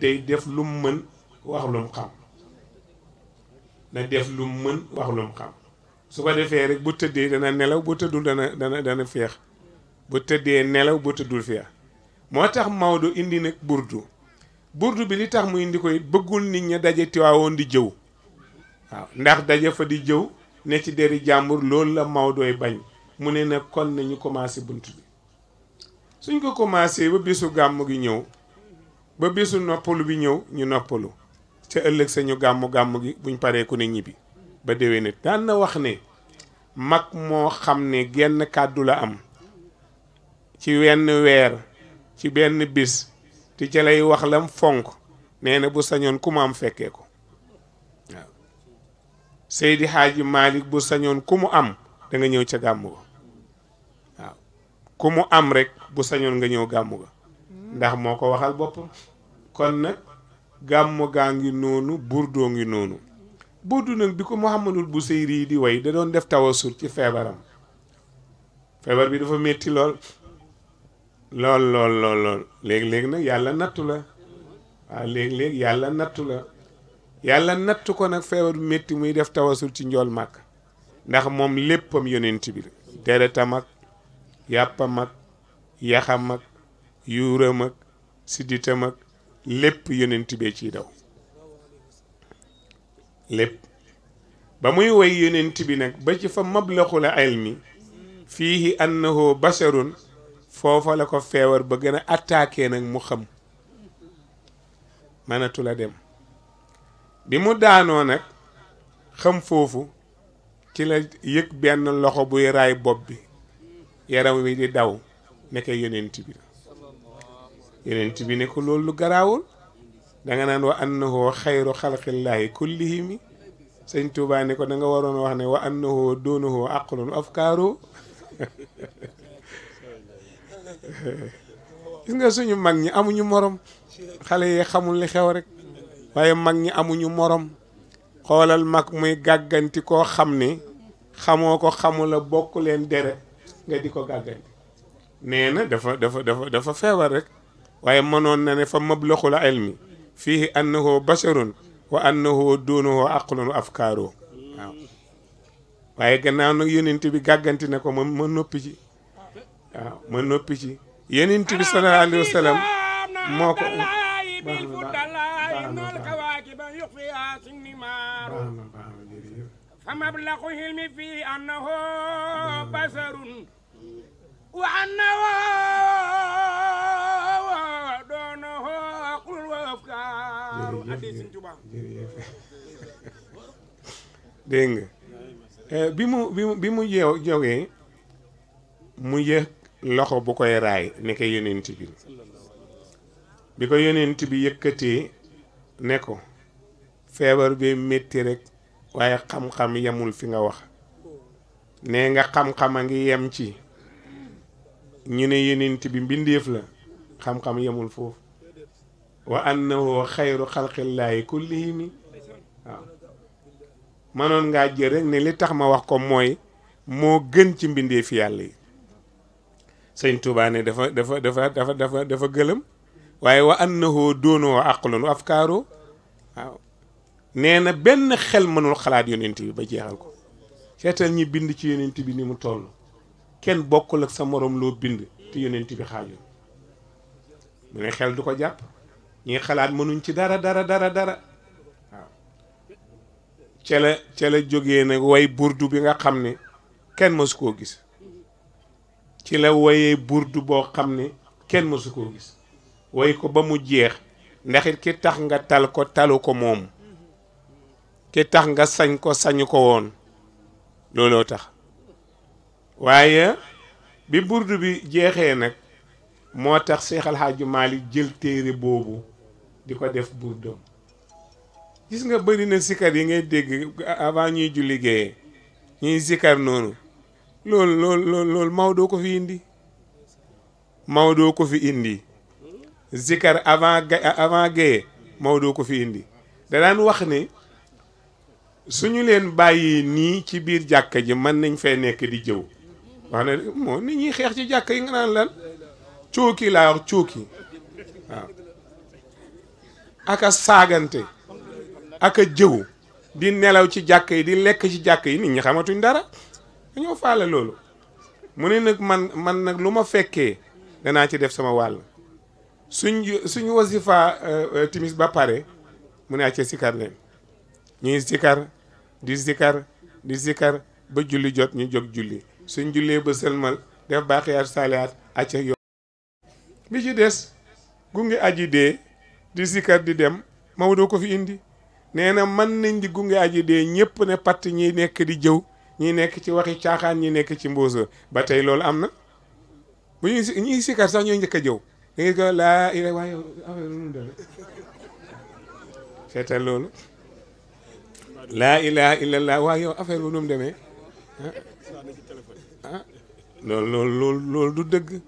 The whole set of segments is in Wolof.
dey def lu mën wax lum xam na def lu mën wax lu xam su ko defee rek bu tëddee dana nelaw bu tëddul dana dana dana feex bu tëddee nelaw bu tëddul feex moo tax Maodo indi nag burdu burdu bi li tax mu indi koy bëggul nit ña daje tiwaawoon di jëw waaw ndax daje fa di jëw ne ci deri jàmbur loolu la Maodooy bañ mu ne na kon nañu commencé bunt bi suñ ko commencé ba bisu gàmm gi ñëw ba bisu noppalu bi ñëw ñu noppalu ca ëllëg sañu gàmmu gàmmu gi buñ paree ku ne ñibbi ba déwee nit daan na wax ne mag moo xam ne genn kàddu la am ci wenn weer ci benn bis te ca lay wax lam fonk nee na bu sañoon ku mu am fekkee ko waaw Seydi Xaaji Maalik bu sañoon ku mu am danga ñëw ca gàmmu ga waaw ku mu am rek bu sañoon nga ñëw gàmmu ga ndax moo ko waxal boppam kon nag gàmmu gaa ngi noonu burdo ngi noonu burdu nag bi ko bu Muhammadul Buseyri di way da doon def tawasul ci feebaram feebar bi dafa metti lool lool lool lool léegi-léegi nag yàlla nattu la waaw léegi-léegi yàlla nattu la yàlla nattu ko nag feebar bu métti muy def tawasul ci njool màkk ndax moom léppam yonent bi la deretam ak yàppam ak yaxam ak yuuram ak sidditam ak lépp yonent bee ci daw lépp ba muy woy yonent bi nag ba ci fa mablaxul ilmi fiihi annahu basharun foofa la ko feewar ba gëna a nag mu xam mënatu dem bi mu daanoo nag xam foofu ci la yëg benn loxo buy raay bopp bi yaram wi di daw nekk yonent bi yonent bi ne ko loolu lu garaawul danga naan wa annahu xayru xalqillahi kullihimi sëñ Tuubaa ne ko danga waroon wax ne wa annahu doonuhu aqlun afkaaru gis nga suñu mag ñi amuñu morom xale yi xamul li xew rek waaye mag ñi amuñu morom xoolal mag muy gàgganti koo xam ni xamoo ko xamula bokk leen dere nga di ko gàgganti nee dafa dafa dafa dafa feebar rek waye manon na ne fa mablaxul ilmi fiihi annahu basharun wa annahu dunuhu aqlun wa afkaaru waaw gannaaw nak yonent bi gaganti ne ko ma noppi ci ma noppi ci yonent bi sallallahu alayhi wasallam moko moo ko فمبلغ العلم فيه أنه بشر وأنه jërëjëf dégg eh, bi mu bi mu bi mu jeew loxo bu koy raay ne ko yonent bi bi ko yonent bi yëkkatee ne ko feebar bi métti rek waaye xam-xam yemul fi nga wax nee nga xam-xam a ngi yem ci ñu ne yonent bi mbindeef la xam-xam yemul foofu wa annahu xayru xalqillaahi kullihimi waaw manoon ngaa jël rek ne li tax ma wax ko mooy moo gën ci mbindee fi yàlla yi sëñ Tuubaa dafa dafa dafa dafa dafa dafa gëlëm waaye wa annahu doonoo aqlun wa afkaaru waaw nee na benn xel mënul xalaat yonent bi ba jeexal ko seetal ñi bind ci yonent bi ni mu toll kenn bokkul ak sa morom loo bind te yonent bi xaajul mu ne xel du ko jàpp ñi xalaat mënuñ ci dara dara dara dara waaw ca la ca la jógee nag way burdu bi nga xam ne kenn mësu koo gis ci la woyee burdu boo xam ni kenn mësu koo gis woy ko ba mu jeex ndaxit it ki tax nga tal ko talu ko moom ki tax nga sañ ko sañu ko woon looloo tax waaye bi burdu bi jeexee nag moo tax Seex Alxaaji Maalik jël téere boobu di ko def buur doom gis nga barina sikar yi ngay dégg avant ñuy julli géeyee ñuy sikar noonu loolu loolu loolu loolu ko fi indi Maodo ko fi indi zikar avant avant géeyee Maodo ko fi indi da daan wax ne suñu leen bàyyi nii ci biir jàkk ji mën nañ fee nekk di jëw wax na moo nit ñuy xeex ci jàkk yi nga naan lan cooki laa wax cooki waaw ak saagante ak a jëw di nelaw ci jàkk yi di lekk ci jàkk yi nit ñi xamatuñ dara dañoo faale loolu mu ne nag man man nag lu ma fekkee danaa ci def sama wàll suñ suñu wasifa euh, euh, timis ba pare mu ne acca sikar leen ñuy sikar di sikar di sikar ba julli jot ñu jóg julli suñ jullee ba sëlmal def baaxiyaat saaliyaat acca yo bi ci des gunge aji dee di sikar di dem Maodo ko fi indi nee na mën nañ di gunge aji dee ñëpp ne patt ñi nekk di jëw ñi nekk ci waxi caaxaan ñi nekk ci mbóosa ba tey loolu am na bu ñuy ñuy sax ñooy njëkk a jëw da laa ila waaye loolu laa ilaha illallah waa yow affaire bu nu mu demee ah, ah? loolu loolu du dëgg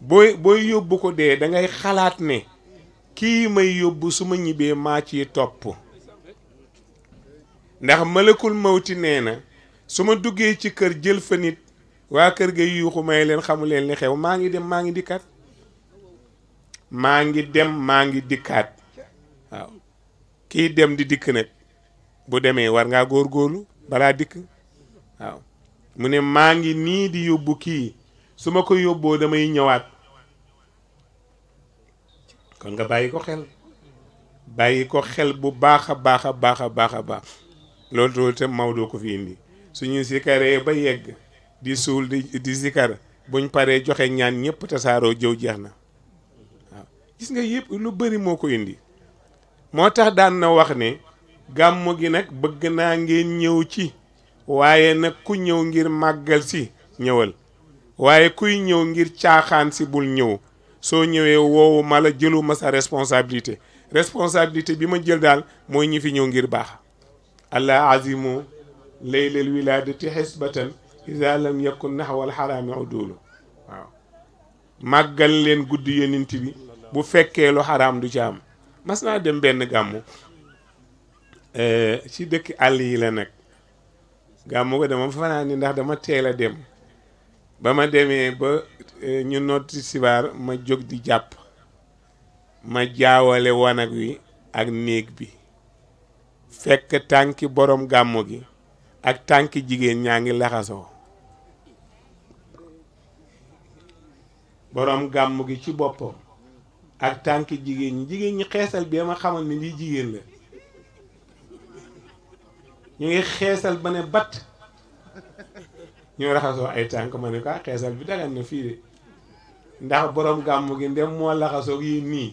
booy booy yóbbu ko dee dangay xalaat ne kii may yóbbu su ma ñibbee maa ci topp ndax malakul mawti nee na su ma duggee ci kër jël fa nit waa kër ga yuuxu may leen xamu leen li xew maa ngi dem maa ngi dikkaat maa ngi dem maa ngi dikkaat waaw kii dem di dikk nag bu demee war ngaa góor góorgóorlu balaa dikk waaw mu ne maa ngi nii di yóbbu kii su ma ko yóbboo damay ñëwaat kon nga bàyyi ko xel bàyyi ko xel bu baax a baax a baax a baax a baax loolu loolu itam Maodo ko fi indi suñu sikaree ba yegg di suul di di sikar buñ paree joxe ñaan ñëpp tasaaroo jëw jeex na gis nga yëpp lu bari moo ko indi moo tax daan na wax ne gàmmu gi nag bëgg naa ngeen ñëw ci waaye nag ku ñëw ngir màggal si ñëwal waaye kuy ñëw ngir caaxaan si bul ñëw soo ñëwee woowu mala jëlu ma sa responsabilité responsabilité bi ma jël daal mooy ñi fi ñëw ngir baax allah azimu laylal wilaadati xisbatan ida lam yakun naxwal xaraami udulu waaw màggal leen guddi yonent bi bu fekkee lu xaraam du ci am mas naa dem benn gàmmu eh, ci dëkk àll yi la nag gàmmu ko dama fanaan ni ndax dama teel a dem ba ma demee ba Eh, ñu notti sibaar ma jóg di jàpp ma jaawale wanag wi ak néeg bi fekk tànki boroom gàmmu gi ak tànki jigéen ñaa ngi laxasoo boroom gàmmu gi ci boppam ak tànki jigéen ñi jigéen ñi xeesal bi ma xamal ni lii jigéen la ñu ngi xeesal ba ne batt ñu raxasoo ay tànk ma ne ko ah, xeesal bi dagan na fii de ndax boroom gàmm gi ndem moo laxasoog yi nii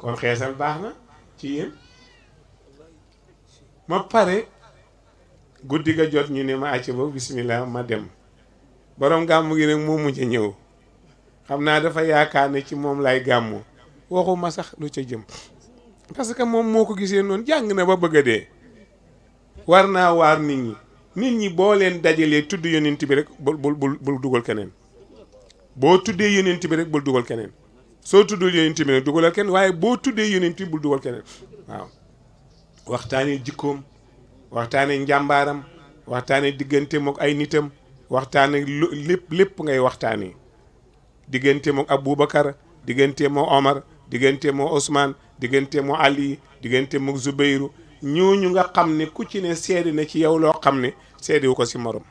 kon xeesal baax na ci yéen ma pare guddi ga jot ñu ne ma àcc ba bismillah ma dem borom gàmm gi nag moo mujj ñëw xam naa dafa yaakaar ne ci moom lay gàmmu waxu sax lu ca jëm parce que moom moo ko gisee noonu jàng na ba bëgg a dee war naa waar nit ñi nit ñi boo leen dajalee tudd yonent bi rek bul bul bul bul dugal keneen boo tuddee yonent bi rek bul dugal keneen soo tuddul yonent bi nag dugalal kenn waaye boo tuddee yonent bi bul dugal keneen waaw waxtaanee jikkoom waxtaanee njàmbaaram waxtaanee diggante mook ay nitam waxtaanee lépp lépp ngay waxtaanee diggante mook Aboubacar diggante moo Omar diggante moo Ousmane diggante moo Ali diggante mook Zubeyru ñu nga xam ne ku ci ne seedi na ci yow loo xam ne seediwu ko ci moroom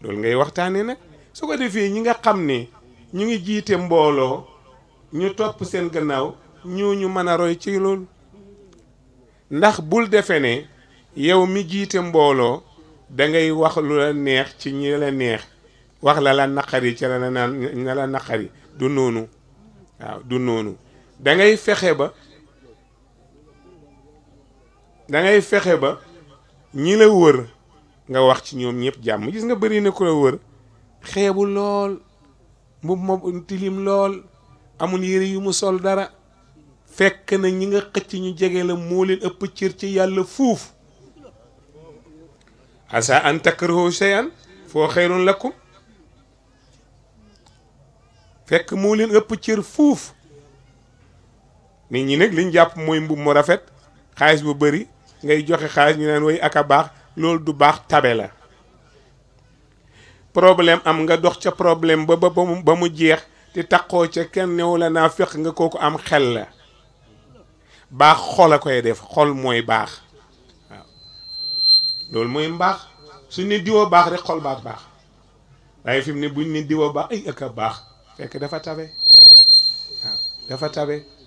loolu ngay waxtaanee nag su ko defee ñi nga xam ni ñu ngi jiite mbooloo ñu topp seen gannaaw ñu mën a roy ci loolu ndax bul defe ne yow mi jiite mbooloo da ngay wax lu la neex ci ñi la neex wax la la naqari ci la naan la naqari du noonu waaw du noonu da fexe ba da ngay fexe ba ñi la wër nga wax ci ñoom ñëpp jàmm gis nga bari na ku la wër xeebu lool mbubb ma tilim lool amul yére yu mu sol dara fekk na ñi nga xëcc ñu jege la moo leen ëpp cër ci yàlla fuuf asa an takrahu shay'an foo xayrun lakum fekk moo leen ëpp cër fuuf nit ñi nag liñ jàpp mooy mbubb mu rafet xaalis bu bari ngay joxe xaalis ñu neen way ak a baax loolu du baax tabe la problème am nga dox ca problème ba ba mu ba mu jeex te taqoo ca kenn newu la naa fex nga kooku am xel la baax xol a koy def xol mooy baax loolu mooy mbaax su ne diwa baax rek xol baa baax waaye fi mu ne buñ ne diwa baax ay ak baax fekk dafa tabe waaw dafa tabe